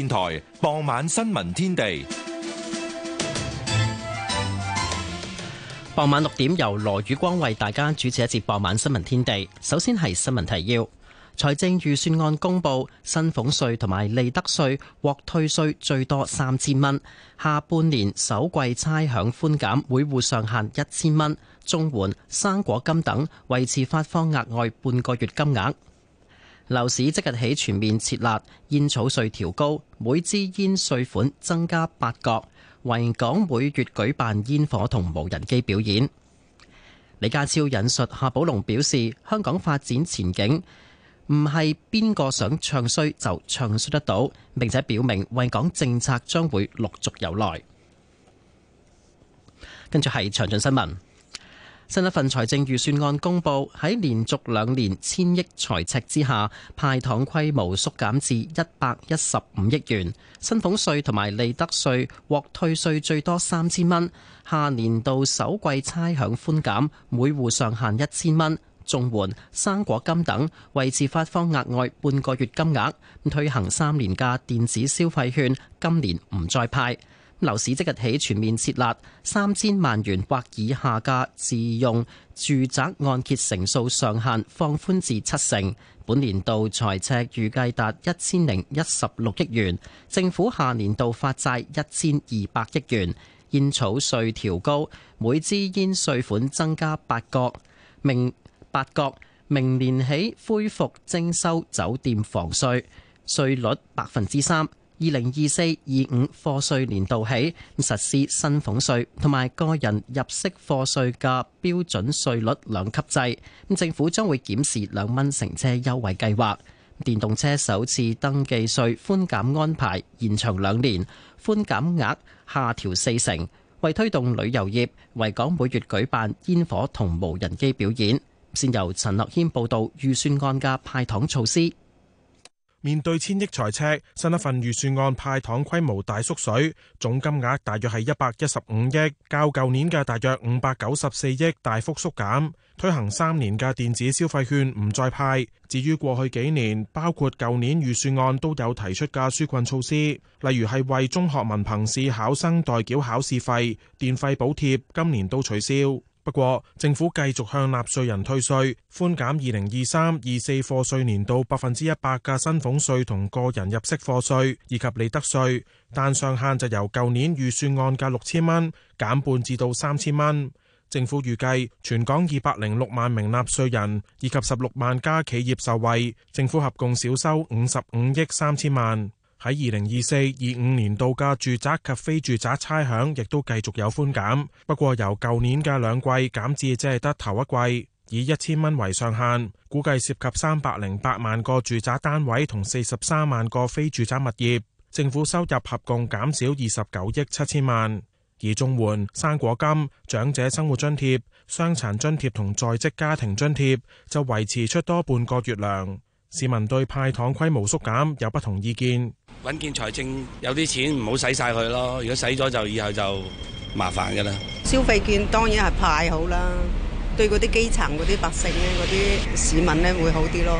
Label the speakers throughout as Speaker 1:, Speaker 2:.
Speaker 1: 電台傍晚
Speaker 2: 新聞天地，傍晚六點由羅宇光為大家主持一節傍晚新聞天地。首先係新聞提要：財政預算案公布，薪俸稅同埋利得稅獲退稅最多三千蚊，下半年首季差餉寬減每戶上限一千蚊，綜援、生果金等維持發放額外半個月金額。樓市即日起全面撤辣，煙草稅調高，每支煙稅款增加八角。維港每月舉辦煙火同無人機表演。李家超引述夏寶龍表示：香港發展前景唔係邊個想唱衰就唱衰得到，並且表明維港政策將會陸續有來。跟住係詳盡新聞。新一份財政預算案公布，喺連續兩年千億財赤之下，派糖規模縮減至一百一十五億元。薪俸稅同埋利得稅獲退稅最多三千蚊。下年度首季差餉寬減，每戶上限一千蚊。綜援生果金等維持發放額外半個月金額。推行三年嘅電子消費券，今年唔再派。樓市即日起全面設立三千萬元或以下價自用住宅按揭成數上限放寬至七成，本年度財赤預計達一千零一十六億元，政府下年度發債一千二百億元，煙草稅調高，每支煙稅款增加八角，明八角，明年起恢復徵收酒店房稅，稅率百分之三。二零二四二五課稅年度起實施薪俸稅，同埋個人入息課稅嘅標準稅率兩級制。政府將會檢視兩蚊乘車優惠計劃。電動車首次登記稅寬減安排延長兩年，寬減額下調四成。為推動旅遊業，維港每月舉辦煙火同無人機表演。先由陳樂軒報道預算案嘅派
Speaker 3: 糖措施。面對千億財赤，新一份預算案派糖規模大縮水，總金額大約係一百一十五億，較舊年嘅大約五百九十四億大幅縮減。推行三年嘅電子消費券唔再派。至於過去幾年，包括舊年預算案都有提出嘅紓困措施，例如係為中學文憑試考生代繳考試費、電費補貼，今年都取消。不過政府繼續向納稅人退稅，寬減二零二三二四課稅年度百分之一百嘅薪俸稅同個人入息課稅以及利得稅，但上限就由舊年預算案嘅六千蚊減半至到三千蚊。政府預計全港二百零六萬名納稅人以及十六萬家企業受惠，政府合共少收五十五億三千萬。喺二零二四二五年度嘅住宅及非住宅差餉亦都繼續有寬減。不過由舊年嘅兩季減至只係得頭一季，以一千蚊為上限，估計涉及三百零八萬個住宅單位同四十三萬個非住宅物業，政府收入合共減少二十九億七千萬。而綜援生果金、長者生活津貼、傷殘津貼同在職家庭津貼就維持出多半個月糧。市民對派糖規模縮減有不同意見。
Speaker 4: 穩健財政有啲錢唔好使晒佢咯，如果使咗就以後就麻煩㗎喇。
Speaker 3: 消費券當然係派
Speaker 5: 好啦，對嗰啲基層嗰啲百姓咧、嗰啲市民呢，會好啲咯。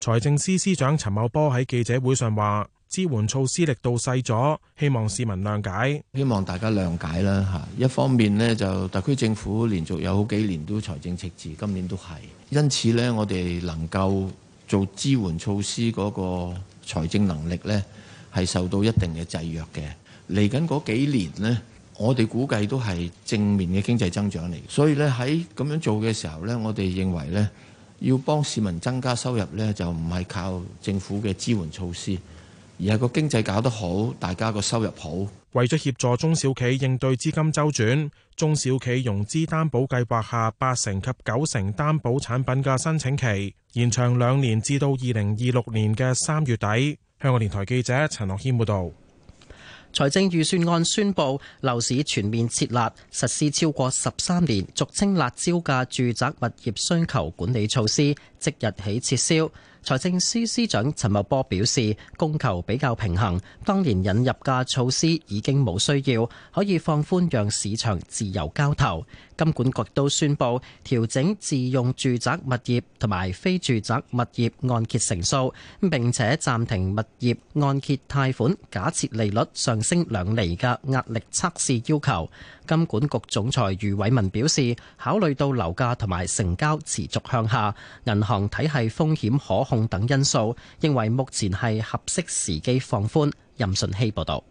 Speaker 3: 財政司司長陳茂波喺記者會上話，支援措施力度細咗，希望市民諒解。希望大家諒解啦嚇，一方面呢，就特區政府
Speaker 6: 連續有好幾年都財政赤字，今年都係，因此呢，我哋能夠做支援措施嗰個財政能力呢。係受到一定嘅制約嘅，嚟緊嗰幾年呢，我哋估計都係正面嘅經濟增長嚟。所以咧，喺咁樣做嘅時候呢，我哋認為呢，要幫市民增加收入呢，
Speaker 3: 就唔係靠政府嘅支援措施，而係個經濟搞得好，大家個收入好。為咗協助中小企應對資金周轉。中小企融資擔保計劃下八成及九成擔保產品嘅申請期延長兩年，至到二零二六年嘅三月底。香港電台記者陳樂謙報道。財政預算案宣佈，樓市全面設立實施超過十三年，
Speaker 2: 俗稱辣椒價住宅物業需求管理措施，即日起撤銷。財政司司長陳茂波表示，供求比較平衡，當年引入嘅措施已經冇需要，可以放寬，讓市場自由交投。金管局都宣布調整自用住宅物業同埋非住宅物業按揭成數，並且暫停物業按揭貸款假設利率上升兩厘嘅壓力測試要求。金管局總裁余偉文表示，考慮到樓價同埋成交持續向下，銀行體系風險可控等因素，認為目前係合適時機放寬。任順希報道。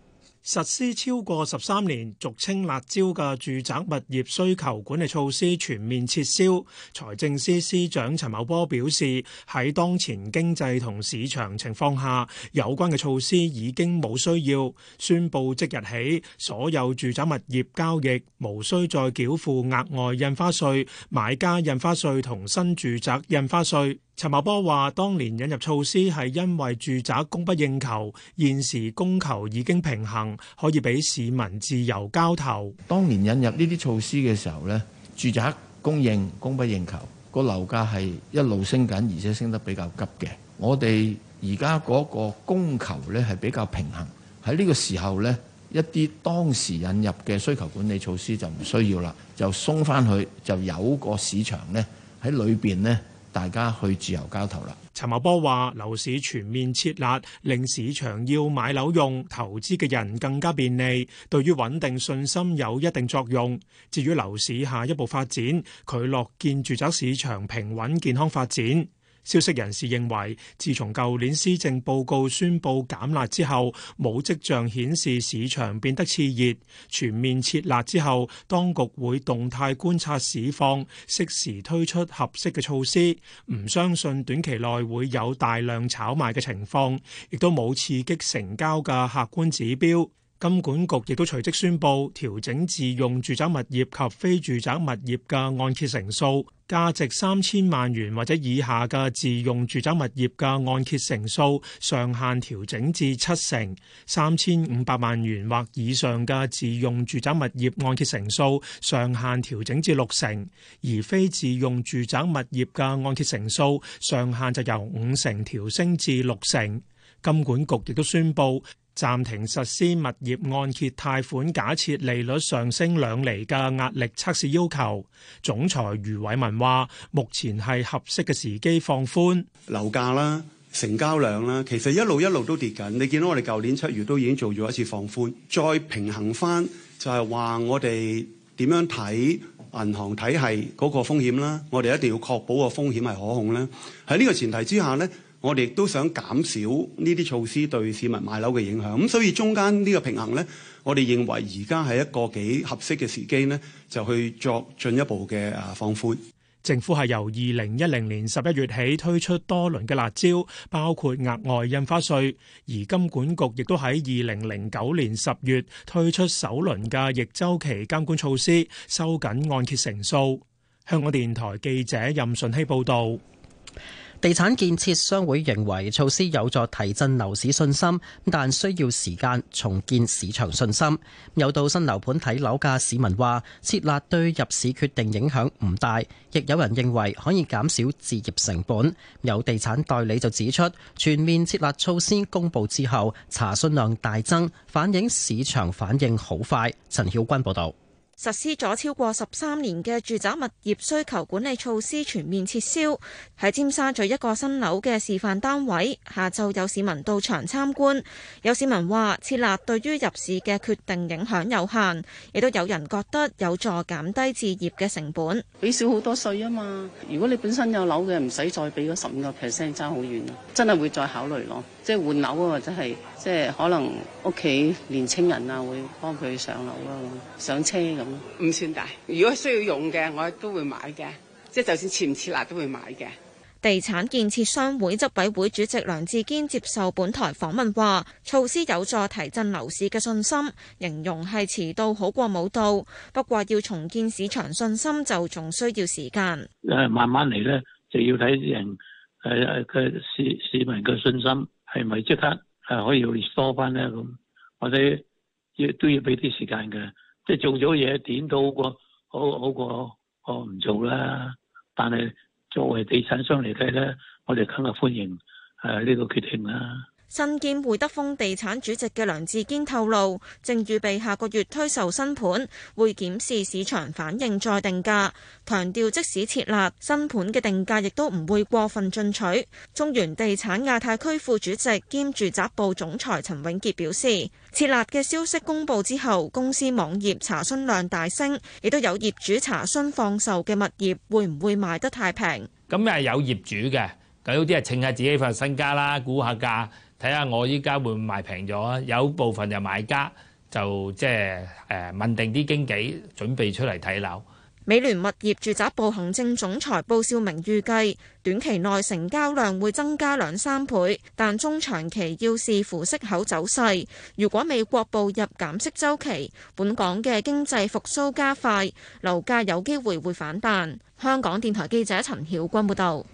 Speaker 1: 實施超過十三年俗稱“辣招”嘅住宅物業需求管理措施全面撤銷。財政司司長陳茂波表示，喺當前經濟同市場情況下，有關嘅措施已經冇需要，宣布即日起所有住宅物業交易無需再繳付額外印花稅、買家印花稅同新住宅印花稅。陳茂波話：當年引入措施係因為住宅供不應求，現時供求已經平衡，
Speaker 6: 可以俾市民自由交投。當年引入呢啲措施嘅時候呢，住宅供應供不應求，個樓價係一路升緊，而且升得比較急嘅。我哋而家嗰個供求呢係比較平衡，喺呢個時候呢，一啲當時引入嘅需求管理措施就唔需要啦，就鬆翻去，就有個市場呢喺裏邊呢。大家去自由交投啦。陳茂
Speaker 1: 波話，樓市全面撤辣令市場要買樓用投資嘅人更加便利，對於穩定信心有一定作用。至於樓市下一步發展，佢樂見住宅市場平穩健康發展。消息人士認為，自從舊年施政報告宣布減辣之後，冇跡象顯示市場變得熾熱，全面撤辣之後，當局會動態觀察市況，適時推出合適嘅措施。唔相信短期內會有大量炒賣嘅情況，亦都冇刺激成交嘅客觀指標。金管局亦都隨即宣布調整自用住宅物業及非住宅物業嘅按揭成數，價值三千萬元或者以下嘅自用住宅物業嘅按揭成數上限調整至七成，三千五百萬元或以上嘅自用住宅物業按揭成數上限調整至六成，而非自用住宅物業嘅按揭成數上限就由五成調升至六成。金管局亦都宣布，暫停實施物業按揭貸款假設利率上升兩厘嘅壓力測試要求。總裁余偉文話：目前係合適嘅時機放寬。
Speaker 7: 樓價啦，成交量啦，其實一路一路都跌緊。你見到我哋舊年七月都已經做咗一次放寬，再平衡翻就係話我哋點樣睇銀行體系嗰個風險啦，我哋一定要確保個風險係可控咧。喺呢個前提之下呢，我哋亦都想減少呢啲措施對市民買樓嘅影響，咁所以中間呢個平衡呢，我哋認為而家係一個幾合適嘅時機呢，就去作進一步嘅啊放寬。
Speaker 1: 政府係由二零一零年十一月起推出多輪嘅辣招，包括額外印花稅，而金管局亦都喺二零零九年十月推出首輪嘅逆週期監管措施，收緊按揭成數。
Speaker 2: 香港電台記者任順希報導。地產建設商會認為措施有助提振樓市信心，但需要時間重建市場信心。有到新樓盤睇樓嘅市民話撤辣對入市決定影響唔大，亦有人認為可以減少置業成本。有地產代理就指出，全面撤辣措施公布之後，查詢量大增，反映市場反應好快。陳曉君報道。
Speaker 8: 實施咗超過十三年嘅住宅物業需求管理措施全面撤銷，喺尖沙咀一個新樓嘅示範單位，下晝有市民到場參觀。有市民話，撤辣對於入市嘅決定影響有限，亦都有人覺得有助減低置業嘅成本，
Speaker 9: 俾少好多稅啊嘛。如果你本身有樓嘅，唔使再俾嗰十五個 percent，爭好遠，
Speaker 2: 真係會再考慮咯，即係換樓啊，或者係。即係可能屋企年青人啊，會幫佢上樓咯、啊，上車咁、啊。唔算大，如果需要用嘅，我都會買嘅。即係就算撤唔撤辣都會買嘅。
Speaker 8: 地產建設商會執委會主席梁志堅接受本台訪問話，措施有助提振樓市嘅信心，形容係遲到好過冇到。不過要重建市場信心就仲需要時間，
Speaker 7: 誒慢慢嚟咧，就要睇人誒誒嘅市市民嘅信心係咪即刻。係、啊、可以多翻咧咁，或者要都要俾啲時間嘅，即係做咗嘢點都好過好好，好過我唔做啦。但係作為地產商嚟睇咧，我哋肯定歡迎誒呢、啊呢個決定啦。
Speaker 8: 新建會德豐地產主席嘅梁志堅透露，正預備下個月推售新盤，會檢視市場反應再定價，強調即使撤辣新盤嘅定價亦都唔會過分進取。中原地產亞太區副主席兼住宅部總裁陳永傑表示，撤辣嘅消息公布之後，公司網頁查詢量大升，亦都有業主查詢放
Speaker 6: 售嘅物業會唔會
Speaker 8: 賣得太平。
Speaker 6: 咁啊有業主嘅，佢啲啊秤下自己份身家啦，估下價。睇下我依家會唔會賣平咗啊！有部分就買家就即係誒問定啲經紀，準備出嚟睇樓。美聯物
Speaker 8: 業住宅部行政總裁布少明預計，短期內成交量會增加兩三倍，但中長期要視乎息口走勢。如果美國步入減息週期，本港嘅經濟復甦加快，樓價有機會會反彈。香港電台記者陳曉君報道。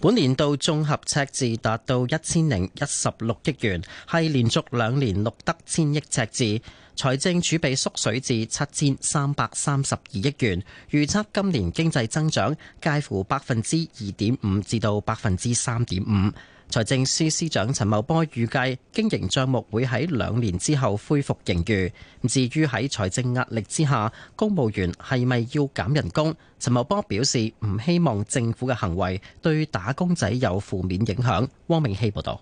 Speaker 2: 本年度綜合赤字達到一千零一十六億元，係連續兩年錄得千億赤字。財政儲備縮水至七千三百三十二億元，預測今年經濟增長介乎百分之二點五至到百分之三點五。財政司司長陳茂波預計經營賬目會喺兩年之後恢復盈餘。至於喺財政壓力之下，公務員係咪要減人工？陳茂波表示唔希望政府嘅行為對打工仔有負面影響。汪明希報道。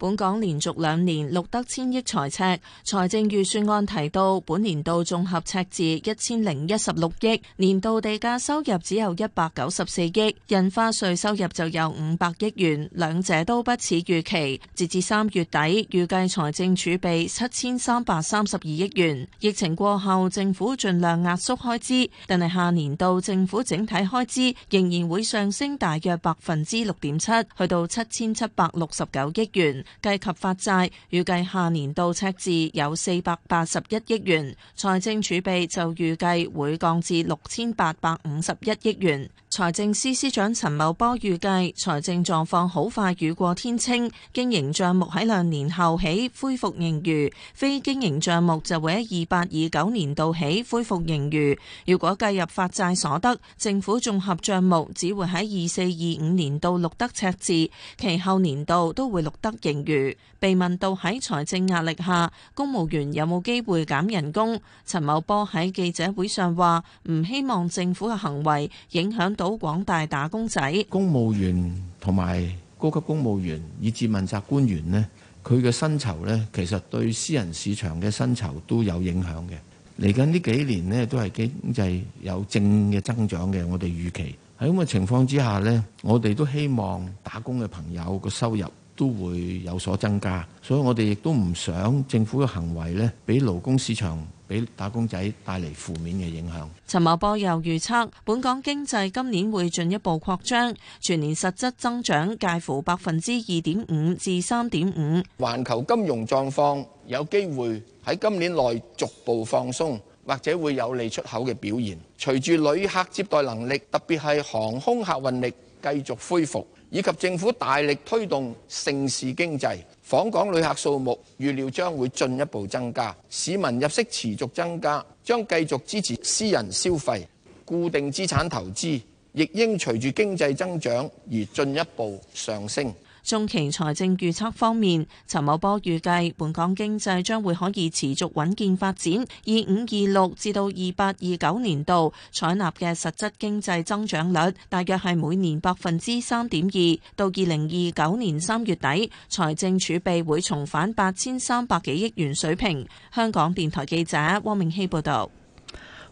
Speaker 5: 本港連續兩年錄得千億財赤，財政預算案提到，本年度綜合赤字一千零一十六億，年度地價收入只有一百九十四億，印花稅收入就有五百億元，兩者都不似預期。截至三月底，預計財政儲備七千三百三十二億元。疫情過後，政府盡量壓縮開支，但係下年度政府整體開支仍然會上升，大約百分之六點七，去到七千七百六十九億元。計及發債，預計下年度赤字有四百八十一億元，財政儲備就預計會降至六千八百五十一億元。財政司司長陳茂波預計，財政狀況好快雨過天青，經營賬目喺兩年後起恢復盈餘，非經營賬目就會喺二八二九年度起恢復盈餘。如果計入發債所得，政府綜合賬目只會喺二四二五年度錄得赤字，其後年度都會錄得盈餘。被問到喺財政壓力下，公務員有冇機會減人工？陳茂波喺記者會上話：唔希望政府嘅行為影響到廣大打工仔。公
Speaker 6: 務員同埋高級公務員，以至問責官員，呢佢嘅薪酬呢，其實對私人市場嘅薪酬都有影響嘅。嚟緊呢幾年呢，都係經濟有正嘅增長嘅。我哋預期喺咁嘅情況之下呢，我哋都希望打工嘅朋友個收入都會有所增加，所以我哋亦都唔想政府嘅行為呢，俾勞工市場、俾打工仔帶嚟負面嘅影響。
Speaker 5: 陳茂波又預測，本港經濟今年會進一步擴張，全年實質增長介乎百分之二點五至三點五。
Speaker 6: 環球金融狀況有機會喺今年內逐步放鬆，或者會有利出口嘅表現。隨住旅客接待能力，特別係航空客運力繼續恢復。以及政府大力推動盛事經濟，訪港旅客數目預料將會進一步增加，市民入息持續增加，將繼續支持私人消費，固定資產投資亦應隨住經濟增長而進一步上升。
Speaker 5: 中期財政預測方面，陳茂波預計本港經濟將會可以持續穩健發展，二五二六至到二八二九年度採納嘅實質經濟增長率，大約係每年百分之三點二。到二零二九年三月底，財政儲備會重返八千三百幾億元水平。香港電台記者汪明希報道。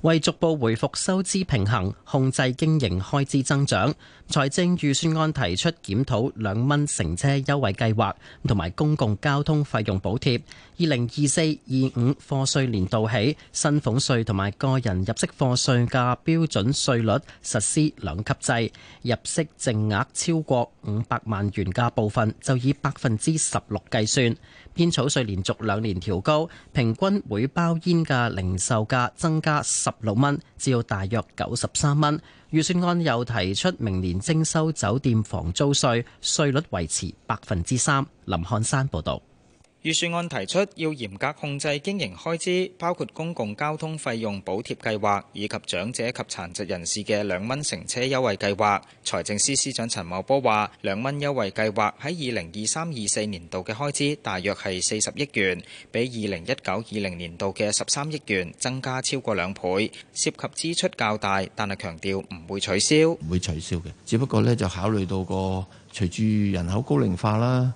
Speaker 2: 為逐步回復收支平衡、控制經營開支增長，財政預算案提出檢討兩蚊乘車優惠計劃，同埋公共交通費用補貼。二零二四二五課稅年度起，薪俸稅同埋個人入息課稅嘅標準稅率實施兩級制，入息淨額超過五百萬元嘅部分就以百分之十六計算。煙草稅連續兩年調高，平均每包煙嘅零售價增加十六蚊，至到大約九十三蚊。預算案又提出明年徵收酒店房租稅，稅率維持百分之三。林漢山報道。
Speaker 10: 預算案提出要嚴格控制經營開支，包括公共交通費用補貼計劃以及長者及殘疾人士嘅兩蚊乘車優惠計劃。財政司司長陳茂波話，兩蚊優惠計劃喺二零二三、二四年度嘅開支大約係四十億元，比二零一九、二零年度嘅十三億元增加超過兩倍，涉及支出較大，但係強調唔會取消，唔
Speaker 6: 會取消嘅，只不過呢，就考慮到個隨住人口高齡化啦。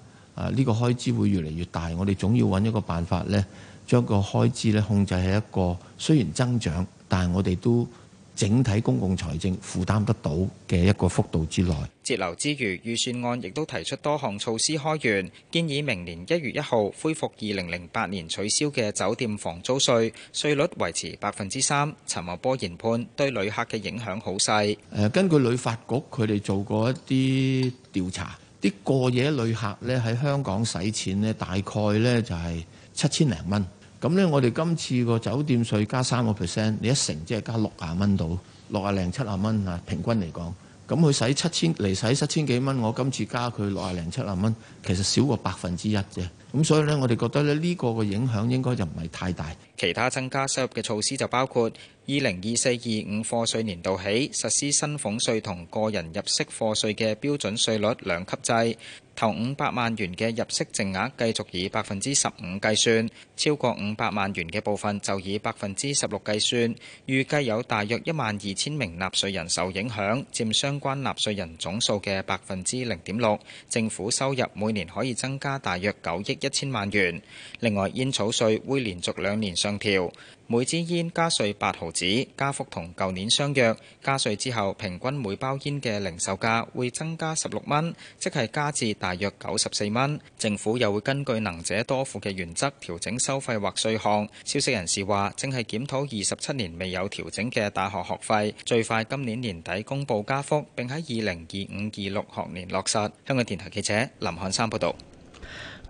Speaker 6: 呢個開支會越嚟越大，我哋總要揾一個辦法呢，將個開支咧控制喺一個雖然增長，但係我哋都整體公共財政負擔得到嘅一個幅度之內。
Speaker 10: 節流之餘，預算案亦都提出多項措施開源，建議明年一月一號恢復二零零八年取消嘅酒店房租稅，稅率維持百分之三。陳茂波研判對旅客嘅影響好細。
Speaker 6: 誒，根據旅發局佢哋做過一啲調查。啲過夜旅客咧喺香港使錢咧，大概咧就係七千零蚊。咁咧，我哋今次個酒店稅加三個 percent，你一成即係加六啊蚊度，六啊零七啊蚊啊，平均嚟講，咁佢使七千嚟使七千幾蚊，我今次加佢六啊零七啊蚊，其實少過百分之一啫。咁所以咧，我哋覺得咧，呢個嘅影響應該就唔係太大。
Speaker 10: 其他增加收入嘅措施就包括二零二四二五課稅年度起實施薪俸稅同個人入息課稅嘅標準稅率兩級制，頭五百萬元嘅入息淨額繼續以百分之十五計算，超過五百萬元嘅部分就以百分之十六計算。預計有大約一萬二千名納稅人受影響，佔相關納稅人總數嘅百分之零點六。政府收入每年可以增加大約九億一千萬元。另外，煙草稅會連續兩年上調，每支煙加稅八毫子，加幅同舊年相約。加稅之後，平均每包煙嘅零售價會增加十六蚊，即係加至大約九十四蚊。政府又會根據能者多付嘅原則調整收費或稅項。消息人士話，正係檢討二十七年未有調整嘅大學學費，最快今年年底公布加幅，並喺二零二五二六學年落實。香港電台記者林漢
Speaker 2: 山報導。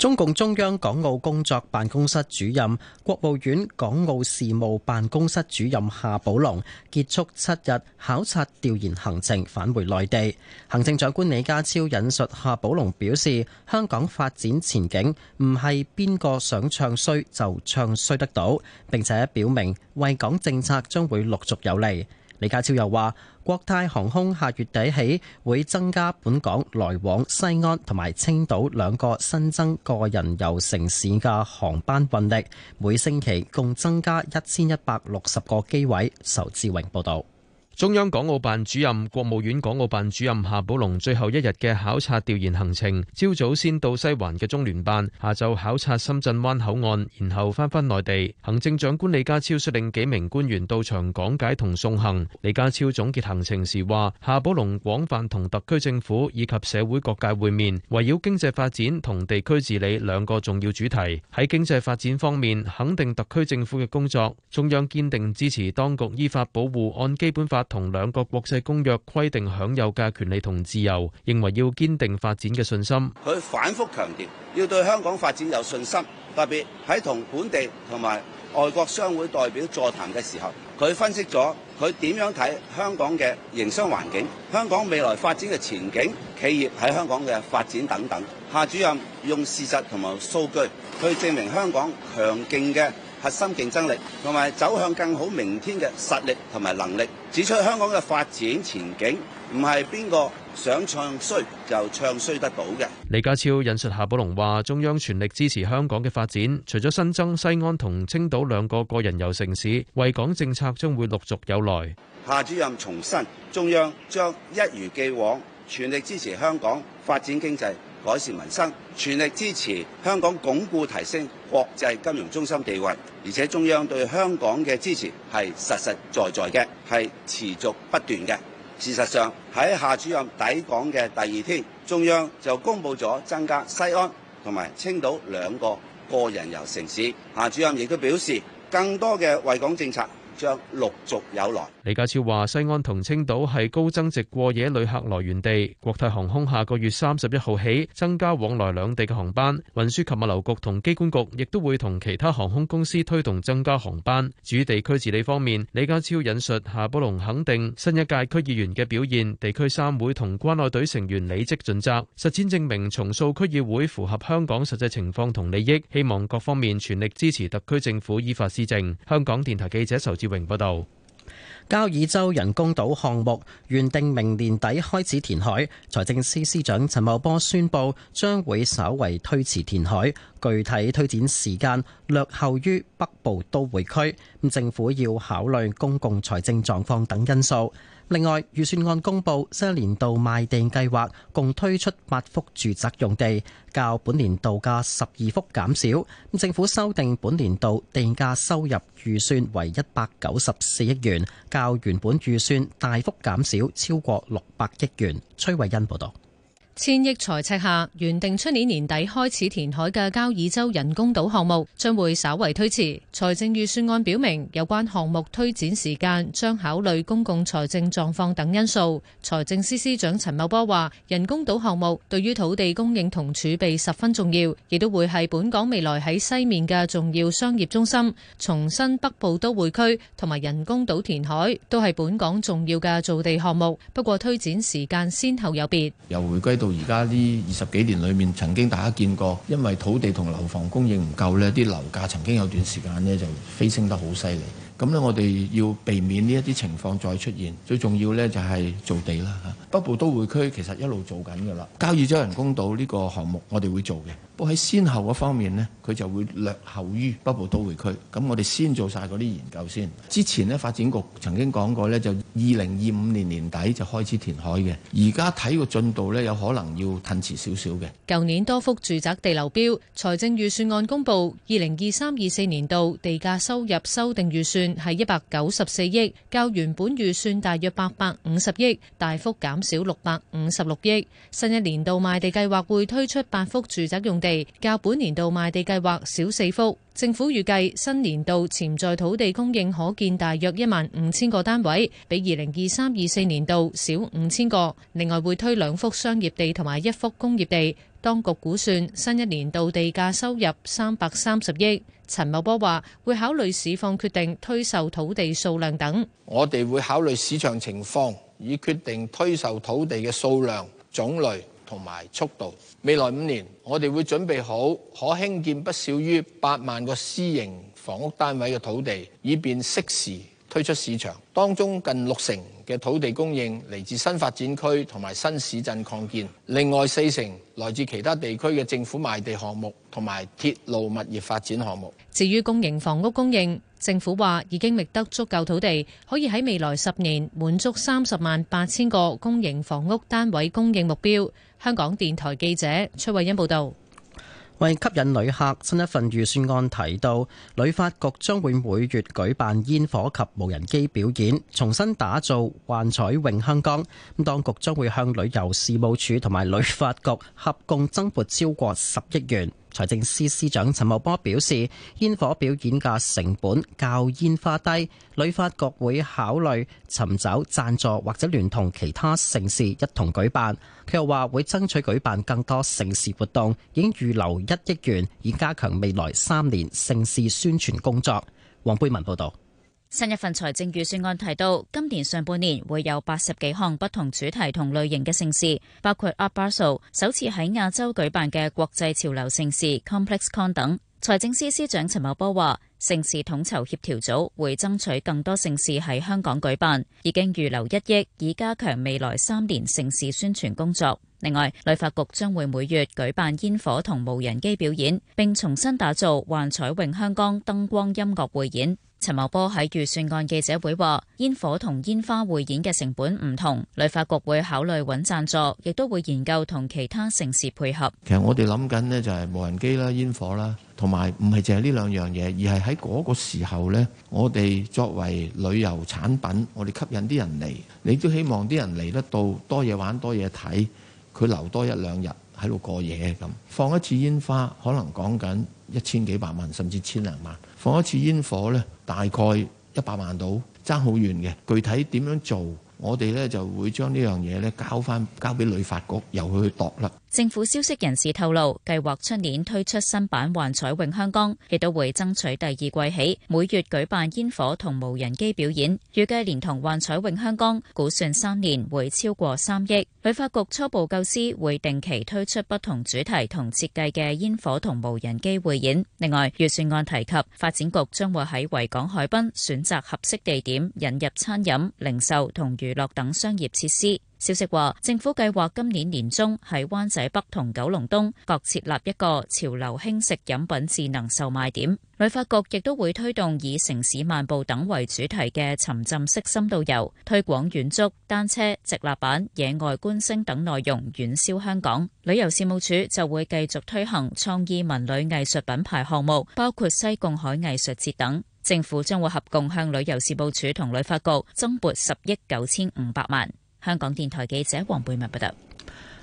Speaker 2: 中共中央港澳工作辦公室主任、國務院港澳事務辦公室主任夏寶龍結束七日考察調研行程，返回內地。行政長官李家超引述夏寶龍表示，香港發展前景唔係邊個想唱衰就唱衰得到，並且表明惠港政策將會陸續有利。李家超又話。國泰航空下月底起會增加本港來往西安同埋青島兩個新增個人遊城市嘅航班運力，每星期共增加一千一百六十個機位。仇志榮報道。中央港澳辦
Speaker 11: 主任、國務院港澳辦主任夏寶龍最後一日嘅考察調研行程，朝早先到西環嘅中聯辦，下晝考察深圳灣口岸，然後翻返內地。行政長官李家超率領幾名官員到場講解同送行。李家超總結行程時話：夏寶龍廣泛同特區政府以及社會各界會面，圍繞經濟發展同地區治理兩個重要主題。喺經濟發展方面，肯定特區政府嘅工作，中央堅定支持當局依法保護按基本法。同兩個國際公約規定享有嘅權利同自由，認為要堅定發展嘅信心。
Speaker 4: 佢反覆強調要對香港發展有信心，特別喺同本地同埋外國商會代表座談嘅時候，佢分析咗佢點樣睇香港嘅營商環境、香港未來發展嘅前景、企業喺香港嘅發展等等。夏主任用事實同埋數據去證明香港強勁嘅核心競爭力同埋走向更好明天嘅實
Speaker 11: 力同埋能力，指出香港嘅發展前景，唔係邊個想唱衰
Speaker 4: 就唱衰得到嘅。改善民生，全力支持香港鞏固提升國際金融中心地位，而且中央對香港嘅支持係實實在在嘅，係持續不斷嘅。事實上喺夏主任抵港嘅第二天，中央就公布咗增加西安同埋青島兩個個人遊城市。夏主任亦都表示，更多嘅惠港政策。將陸續有
Speaker 11: 來。李家超話：西安同青島係高增值過夜旅客來源地。國泰航空下個月三十一號起增加往來兩地嘅航班。運輸及物流局同機管局亦都會同其他航空公司推動增加航班。至於地區治理方面，李家超引述夏寶龍肯定新一屆區議員嘅表現，地區三會同關愛隊成員履職盡責。實踐證明重塑區議會符合香港實際情況同利益，希望各方面全力支持特區政府依法施
Speaker 2: 政。香港電台記者仇志榮報道，交椅洲人工島項目原定明年底開始填海，財政司司長陳茂波宣布將會稍為推遲填海，具體推展時間略後於北部都會區。咁政府要考慮公共財政狀況等因素。另外，預算案公布，新一年度賣地計劃共推出八幅住宅用地，較本年度嘅十二幅減少。政府修訂本年度地價收入預算為一百九十四億元，較原本預算大幅減少超過六百億元。崔慧欣報導。
Speaker 12: 千億財赤下，原定出年年底開始填海嘅交椅洲人工島項目將會稍為推遲。財政預算案表明，有關項目推展時間將考慮公共財政狀況等因素。財政司司長陳茂波話，人工島項目對於土地供應同儲備十分重要，亦都會係本港未來喺西面嘅重要商業中心。重申北部都會區同埋人工島填海都係本港重要嘅造地項目，不過推展時間先後有別。
Speaker 6: 又回歸。到而家呢二十幾年裏面，曾經大家見過，因為土地同樓房供應唔夠咧，啲樓價曾經有段時間咧就飛升得好犀利。咁咧，我哋要避免呢一啲情況再出現，最重要咧就係做地啦。北部都會區其實一路做緊噶啦。交椅洲人工島呢個項目，我哋會做嘅。喺先後嗰方面呢佢就會略後於北部都會區。咁我哋先做晒嗰啲研究先。之前呢發展局曾經講過呢就二零二五年年底就開始填海嘅。而家睇個進度呢，有可能要褪遲少少嘅。
Speaker 12: 舊年多幅住宅地流標，財政預算案公布，二零二三二四年度地價收入修訂預算係一百九十四億，較原本預算大約八百五十億，大幅減少六百五十六億。新一年度賣地計劃會推出八幅住宅用地。較本年度賣地計劃少四幅，政府預計新年度潛在土地供應可見大約一萬五千個單位，比二零二三、二四年度少五千個。另外會推兩幅商業地同埋一幅工業地。當局估算新一年度地價收入三百三十億。陳茂波話會考慮市況決定推售土地數量等。
Speaker 6: 我哋會考慮市場情況，以決定推售土地嘅數量、種類。同埋速度，未來五年我哋會準備好可興建不少於八萬個私營房屋單位嘅土地，以便適時推出市場。當中近六成嘅土地供應嚟自新發展區同埋新市鎮擴建，另外四成來自其他地區嘅政府賣地項目同埋鐵路物業發展項目。
Speaker 12: 至於公營房屋供應，政府話已經覓得足夠土地，可以喺未來十年滿足三十萬八千個公營房屋單位供應目標。香港電台記者崔慧欣報道。
Speaker 2: 為吸引旅客，新一份預算案提到，旅發局將會每月舉辦煙火及無人機表演，重新打造幻彩詠香江。咁當局將會向旅遊事務署同埋旅發局合共增撥超過十億元。財政司司長陳茂波表示，煙火表演嘅成本較煙花低，旅發局會考慮尋找贊助或者聯同其他城市一同舉辦。佢又話會爭取舉辦更多盛事活動，已經預留一億元以加強未來三年盛事宣傳工作。黃貝文報導。
Speaker 13: 新一份財政預算案提到，今年上半年會有八十幾項不同主題同類型嘅盛事，包括阿巴索首次喺亞洲舉辦嘅國際潮流盛事 ComplexCon 等。財政司司長陳茂波話，盛事統籌協調組會爭取更多盛事喺香港舉辦，已經預留一億以加強未來三年盛事宣傳工作。另外，旅發局將會每月舉辦煙火同無人機表演，並重新打造幻彩詠香江燈光音樂匯演。陳茂波喺預算案記者會話：煙火同煙花匯演嘅成本唔同，旅發局會考慮揾贊助，亦都會研究同其他城市配合。其
Speaker 6: 實我哋諗緊呢就係無人機啦、煙火啦，同埋唔係淨係呢兩樣嘢，而係喺嗰個時候呢，我哋作為旅遊產品，我哋吸引啲人嚟，你都希望啲人嚟得到多嘢玩、多嘢睇，佢留多一兩日喺度過夜咁。放一次煙花，可能講緊一千幾百萬，甚至千零萬。放一次煙火咧，大概一百萬度，爭好遠嘅。具體點樣做，我哋咧就會將呢樣嘢咧交返交俾旅發局，由佢去度啦。
Speaker 13: 政府消息人士透露，計劃出年推出新版幻彩詠香江，亦都會爭取第二季起每月舉辦煙火同無人機表演。預計連同幻彩詠香江，估算三年會超過三億。旅發局初步構思會定期推出不同主題同設計嘅煙火同無人機匯演。另外，預算案提及發展局將會喺維港海濱選擇合適地點引入餐飲、零售同娛樂等商業設施。消息話，政府計劃今年年中喺灣仔北同九龍東各設立一個潮流輕食飲品智能售賣點。旅發局亦都會推動以城市漫步等為主題嘅沉浸式深度遊，推廣遠足、單車、直立板、野外觀星等內容，遠銷香港。旅遊事務署就會繼續推行創意文旅藝術品牌項目，包括西貢海藝術節等。政府將會合共向旅遊事務署同旅發局增撥十億九千五百萬。香港電台記者黃貝文報道：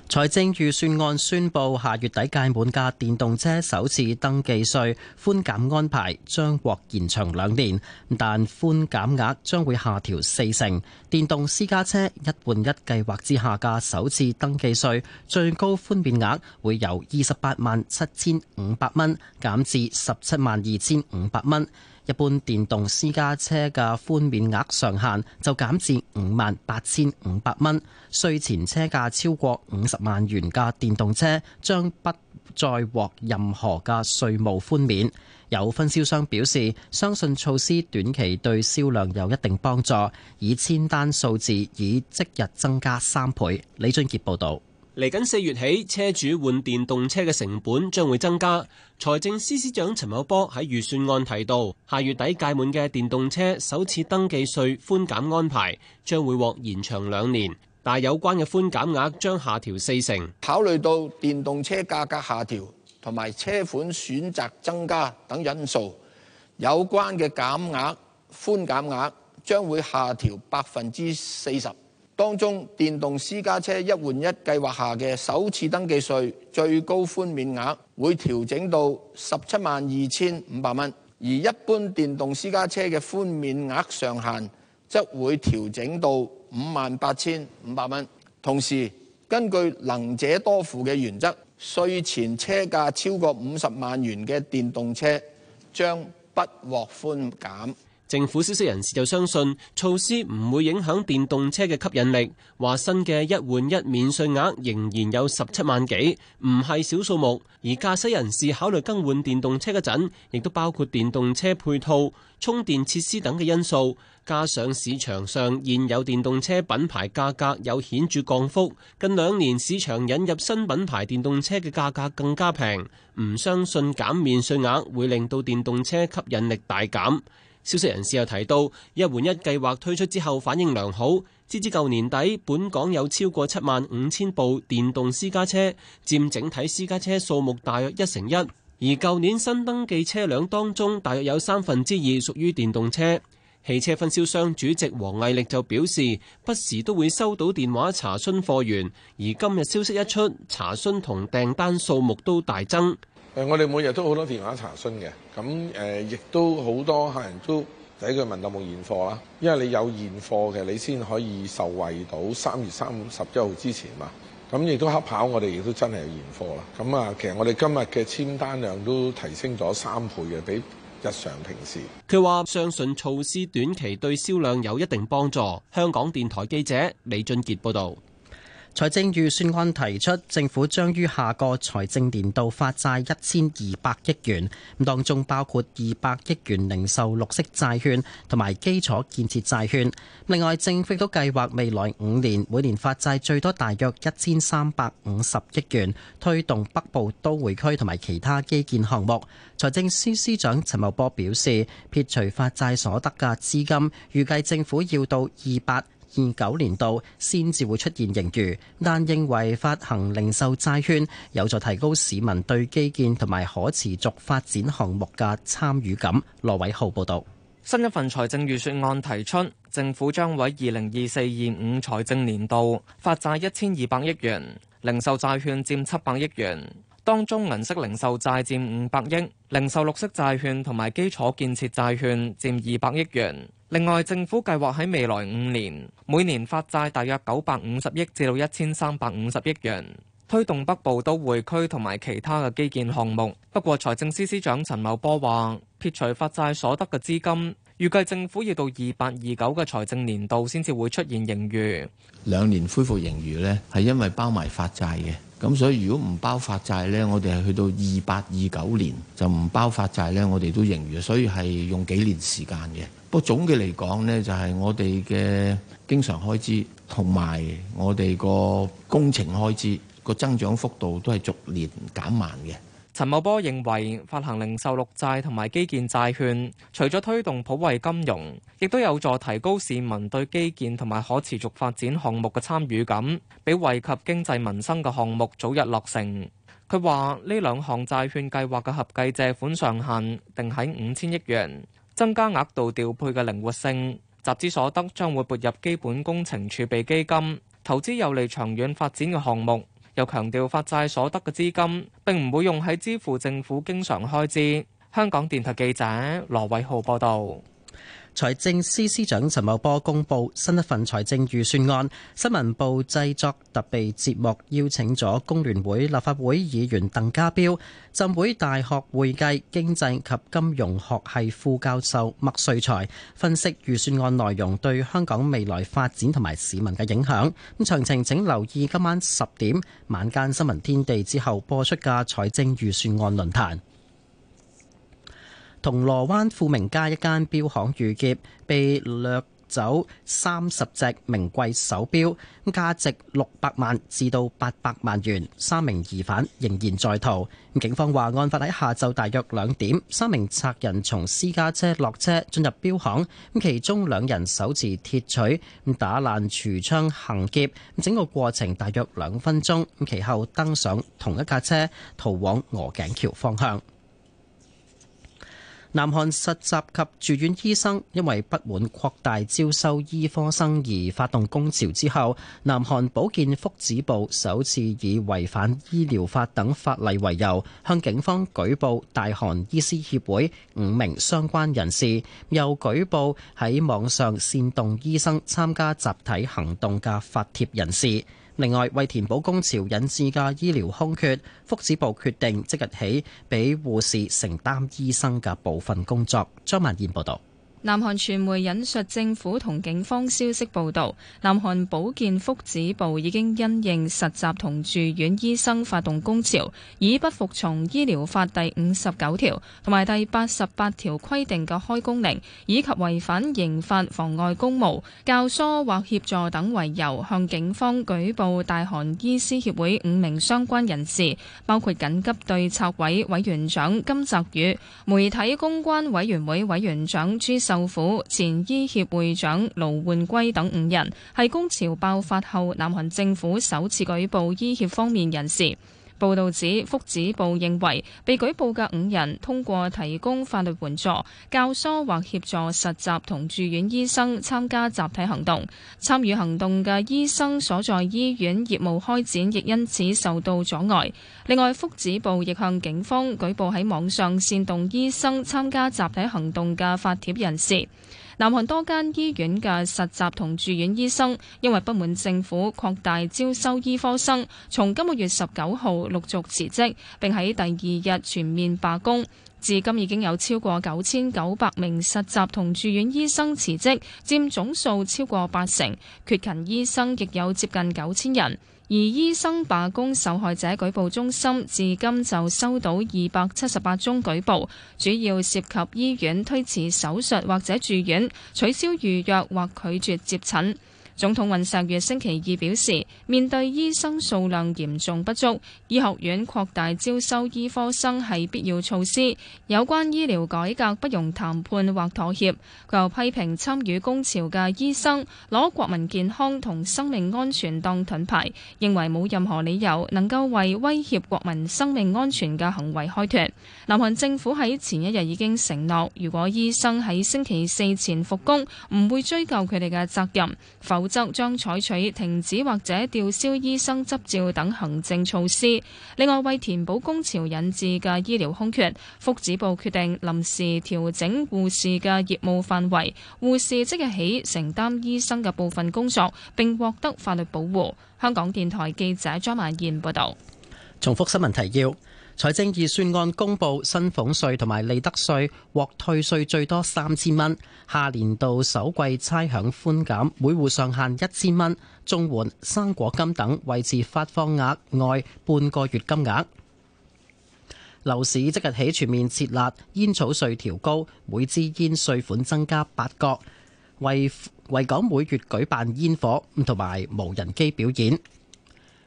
Speaker 2: 財政預算案宣布，下月底屆滿嘅電動車首次登記稅寬減安排將獲延長兩年，但寬減額將會下調四成。電動私家車一換一計劃之下嘅首次登記稅最高寬變額會由二十八萬七千五百蚊減至十七萬二千五百蚊。一般電動私家車嘅寬免額上限就減至五萬八千五百蚊。稅前車價超過五十萬元嘅電動車將不再獲任何嘅稅務寬免。有分銷商表示，相信措施短期對銷量有一定幫助，以簽單數字以即日增加三倍。李俊杰報導。
Speaker 7: 嚟緊四月起，車主換電動車嘅成本將會增加。財政司司長陳茂波喺預算案提到，下月底屆滿嘅電動車首次登記稅寬減安排將會獲延長兩年，但有關嘅寬減額將下調四成。
Speaker 6: 考慮到電動車價格下調同埋車款選擇增加等因素，有關嘅減額、寬減額將會下調百分之四十。當中電動私家車一換一計劃下嘅首次登記稅最高寬免額會調整到十七萬二千五百蚊，而一般電動私家車嘅寬免額上限則會調整到五萬八千五百蚊。同時，根據能者多付嘅原則，稅前車價超過五十萬元嘅電動車將不獲寬減。
Speaker 7: 政府消息人士就相信措施唔會影響電動車嘅吸引力，話新嘅一換一免稅額仍然有十七萬幾，唔係小數目。而駕駛人士考慮更換電動車嗰陣，亦都包括電動車配套、充電設施等嘅因素。加上市場上現有電動車品牌價格有顯著降幅，近兩年市場引入新品牌電動車嘅價格更加平，唔相信減免稅額會令到電動車吸引力大減。消息人士又提到，一換一計劃推出之後反應良好。截至舊年底，本港有超過七萬五千部電動私家車，佔整體私家車數目大約一成一。而舊年新登記車輛當中，大約有三分之二屬於電動車。汽車分銷商主席王毅力就表示，不時都會收到電話查詢貨源，而今日消息一出，查詢同訂單數目都大增。誒，我哋每日都好多電話查詢嘅，咁誒，亦都好多客人都
Speaker 6: 第一句問到有冇現貨啦，因為你有現貨嘅，你先可以受惠到三月三十一號之前嘛。咁亦都恰巧我哋亦都真係有現貨啦。咁啊，其實我哋
Speaker 3: 今日嘅簽單量都提升咗三倍嘅，比日常平時。
Speaker 7: 佢話相信措施短期對銷量有一定幫助。香港電台記者李俊傑
Speaker 2: 報導。財政預算案提出，政府將於下個財政年度發債一千二百億元，當中包括二百億元零售綠色債券同埋基礎建設債券。另外，政府亦都計劃未來五年每年發債最多大約一千三百五十億元，推動北部都會區同埋其他基建項目。財政司司長陳茂波表示，撇除發債所得嘅資金，預計政府要到二百二九年度先至會出現盈餘，但認為發行零售債券有助提高市民對基建同埋可持續發展項目嘅參與感。羅偉浩報道，
Speaker 14: 新一份財政預算案提出，政府將為二零二四二五財政年度發債一千二百億元，零售債券佔七百億元，當中銀色零售債佔五百億，零售綠色債券同埋基礎建設債券佔二百億元。另外，政府計劃喺未來五年每年發債大約九百五十億至到一千三百五十億元，推動北部都會區同埋其他嘅基建項目。不過，財政司司長陳茂波話，撇除發債所得嘅資金，預計政府要到二八二九嘅財政年度先至會出現盈餘。
Speaker 6: 兩年恢復盈餘呢，係因為包埋發債嘅。咁所以如果唔包發債呢，我哋係去到二八二九年就唔包發債呢，我哋都盈餘，所以係用幾年時間嘅。不過總嘅嚟講呢，就係我哋嘅經常開支同埋我哋個工程開支個增長幅度都係逐年減慢嘅。
Speaker 14: 陳茂波認為發行零售綠債同埋基建債券，除咗推動普惠金融，亦都有助提高市民對基建同埋可持續發展項目嘅參與感，俾惠及經濟民生嘅項目早日落成。佢話呢兩項債券計劃嘅合計借款上限定喺五千億元，增加額度調配嘅靈活性，集資所得將會撥入基本工程儲備基金，投資有利長遠發展嘅項目。又強調發債所得嘅資金並唔會用
Speaker 2: 喺支付政府經常開支。香港電台記者羅偉浩報道。財政司司長陳茂波公布新一份財政預算案，新聞部製作特備節目，邀請咗工聯會立法會議員鄧家彪、浸會大學會計經濟及金融學系副教授麥瑞才分析預算案內容對香港未來發展同埋市民嘅影響。咁詳情請留意今晚十點晚間新聞天地之後播出嘅財政預算案論壇。銅鑼灣富明街一間標行遇劫，被掠走三十隻名貴手錶，價值六百萬至到八百萬元。三名疑犯仍然在逃。警方話，案發喺下晝大約兩點，三名賊人從私家車落車進入標行，其中兩人手持鐵錘，打爛櫥窗行劫，整個過程大約兩分鐘，其後登上同一架車，逃往鵝頸橋方向。南韓實習及住院醫生因為不滿擴大招收醫科生而發動工潮之後，南韓保健福祉部首次以違反醫療法等法例為由，向警方舉報大韓醫師協會五名相關人士，又舉報喺網上煽動醫生參加集體行動嘅發帖人士。另外，為填補工潮引致嘅醫療空缺，福祉部決定即日起俾護士承擔醫生嘅部分工作。張曼燕報導。
Speaker 15: 南韓傳媒引述政府同警方消息報道，南韓保健福祉部已經因應實習同住院醫生發動工潮，以不服從醫療法第五十九條同埋第八十八條規定嘅開工令，以及違反刑法妨礙公務、教唆或協助等為由，向警方舉報大韓醫師協會五名相關人士，包括緊急對策委委員長金澤宇、媒體公關委員會委員長朱。受苦前醫協會長盧煥圭等五人，係工潮爆發後南韓政府首次舉報醫協方面人士。報道指，福祉部認為被舉報嘅五人通過提供法律援助、教唆或協助實習同住院醫生參加集體行動，參與行動嘅醫生所在醫院業務開展亦因此受到阻礙。另外，福祉部亦向警方舉報喺網上煽動醫生參加集體行動嘅發帖人士。南韓多間醫院嘅實習同住院醫生因為不滿政府擴大招收醫科生，從今個月十九號陸續辭職，並喺第二日全面罷工。至今已經有超過九千九百名實習同住院醫生辭職，佔總數超過八成。缺勤醫生亦有接近九千人。而醫生罷工受害者舉報中心至今就收到二百七十八宗舉報，主要涉及醫院推遲手術或者住院、取消預約或拒絕接診。總統尹錫悅星期二表示，面對醫生數量嚴重不足，醫學院擴大招收醫科生係必要措施。有關醫療改革不容談判或妥協。佢又批評參與工潮嘅醫生攞國民健康同生命安全當盾牌，認為冇任何理由能夠為威脅國民生命安全嘅行為開脱。南韓政府喺前一日已經承諾，如果醫生喺星期四前復工，唔會追究佢哋嘅責任。否則將採取停止或者吊銷醫生執照等行政措施。另外，為填補工潮引致嘅醫療空缺，福祉部決定臨時調整護士嘅業務範圍，護士即日起承擔醫生嘅部分工作，並獲得法律保護。香港電台記者張曼燕報道。
Speaker 2: 重複新聞提要。財政預算案公布，薪俸稅同埋利得稅獲退稅最多三千蚊，下年度首季差餉寬減每戶上限一千蚊，綜援生果金等維持發放額外半個月金額。樓市即日起全面撤辣，煙草稅調高，每支煙稅款增加八角。為維港每月舉辦煙火同埋無人機表演。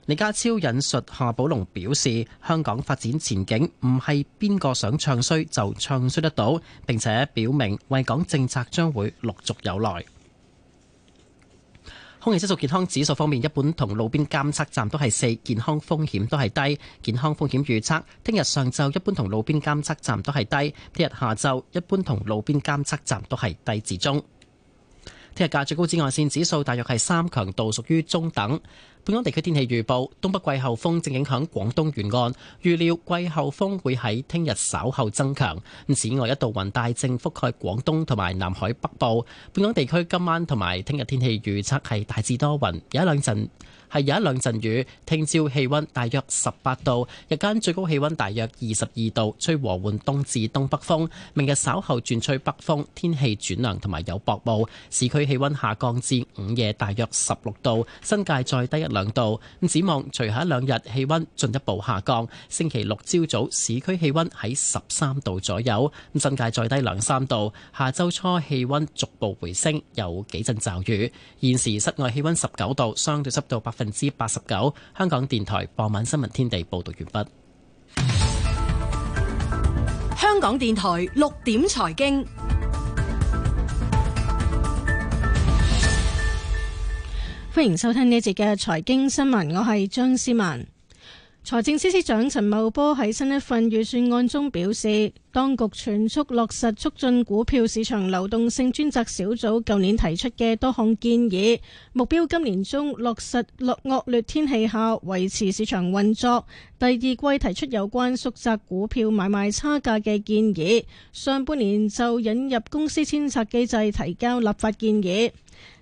Speaker 2: 李家超引述夏寶龍表示，香港發展前景唔係邊個想唱衰就唱衰得到。並且表明，惠港政策將會陸續有來。空氣質素健康指數方面，一般同路邊監測站都係四，健康風險都係低。健康風險預測，聽日上晝一般同路邊監測站都係低，聽日下晝一般同路邊監測站都係低至中。聽日嘅最高紫外線指數，大約係三強度，屬於中等。本港地區天氣預報，東北季候風正影響廣東沿岸，預料季候風會喺聽日稍後增強。咁此外，一道雲帶正覆蓋廣東同埋南海北部。本港地區今晚同埋聽日天氣預測係大致多雲，有一兩陣。係有一兩陣雨，聽朝氣温大約十八度，日間最高氣温大約二十二度，吹和緩東至東北風。明日稍後轉吹北風，天氣轉涼同埋有薄霧，市區氣温下降至午夜大約十六度，新界再低一兩度。咁展望，隨下一兩日氣温進一步下降，星期六朝早市區氣温喺十三度左右，咁新界再低兩三度。下周初氣温逐步回升，有幾陣驟雨。現時室外氣温十九度，相對濕度百分。百分之八十九。香港電台傍晚新聞天地報道完畢。
Speaker 9: 香港電台六點財經，歡迎收聽呢一節嘅財經新聞，我係張思文。財政司司長陳茂波喺新一份預算案中表示，當局全速落實促進股票市場流動性專責小組舊年提出嘅多項建議，目標今年中落實惡劣天氣下維持市場運作。第二季提出有關縮窄股票買賣差價嘅建議，上半年就引入公司遷拆機制，提交立法建議。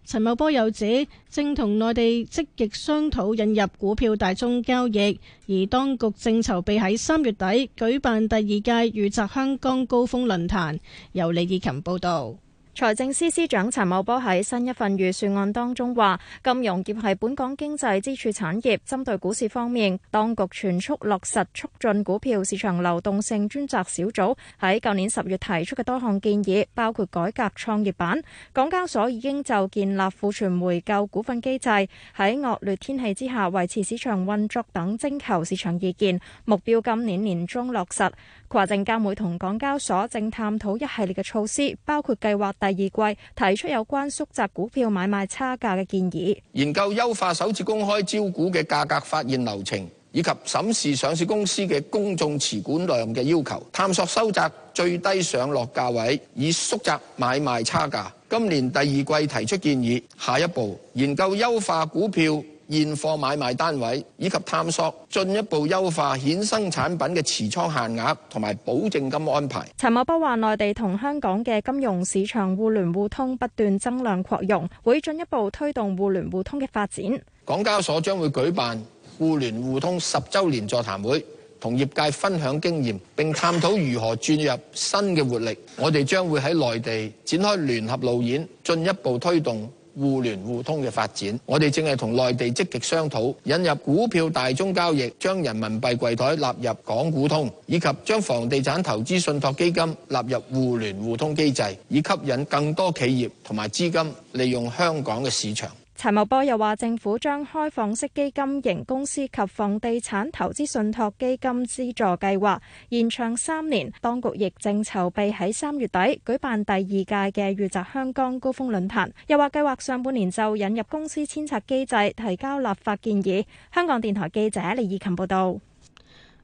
Speaker 9: 陳茂波又指，正同內地積極商討引入股票大宗交易，而當局正籌備喺三月底舉辦第二屆裕澤香港高峰論壇。由李義勤報道。財
Speaker 16: 政司司長陳茂波喺新一份預算案當中話，金融業係本港經濟支柱產業。針對股市方面，當局全速落實促進股票市場流動性專責小組喺舊年十月提出嘅多項建議，包括改革創業板。港交所已經就建立庫存回購股份機制喺惡劣天氣之下維持市場運作等徵求市場意見，目標今年年中落實。證監會同港交所正探討一系列嘅措施，包括計劃。第二季提出有關縮窄股票買賣差價嘅建議，
Speaker 6: 研究優化首次公開招股嘅價格發現流程，以及審視上市公司嘅公眾持股量嘅要求，探索收窄最低上落價位以縮窄買賣差價。今年第二季提出建議，下一步研究優化股票。現貨買賣單位以及探索進一步優化衍生產品嘅持倉限額同埋保證金安排。
Speaker 16: 陳茂波話，內地同香港嘅金融市場互聯互通不斷增量擴容，會進一步推動互聯互通嘅發展。
Speaker 6: 港交所將會舉辦互聯互通十週年座談會，同業界分享經驗，並探討如何轉入新嘅活力。我哋將會喺內地展開聯合路演，進一步推動。互聯互通嘅發展，我哋正係同內地積極商討引入股票大宗交易，將人民幣櫃台納入港股通，以及將房地產投資信託基金納入互聯互通機制，以吸引更多企業同埋資金利用香港嘅市場。
Speaker 16: 陳茂波又話，政府將開放式基金型公司及房地產投資信託基金資助計劃延長三年。當局亦正籌備喺三月底舉辦第二屆嘅裕澤香港高峰論壇。又話計劃上半年就引入公司遷冊機制，提交立法
Speaker 9: 建議。香港電台記者李以琴報道。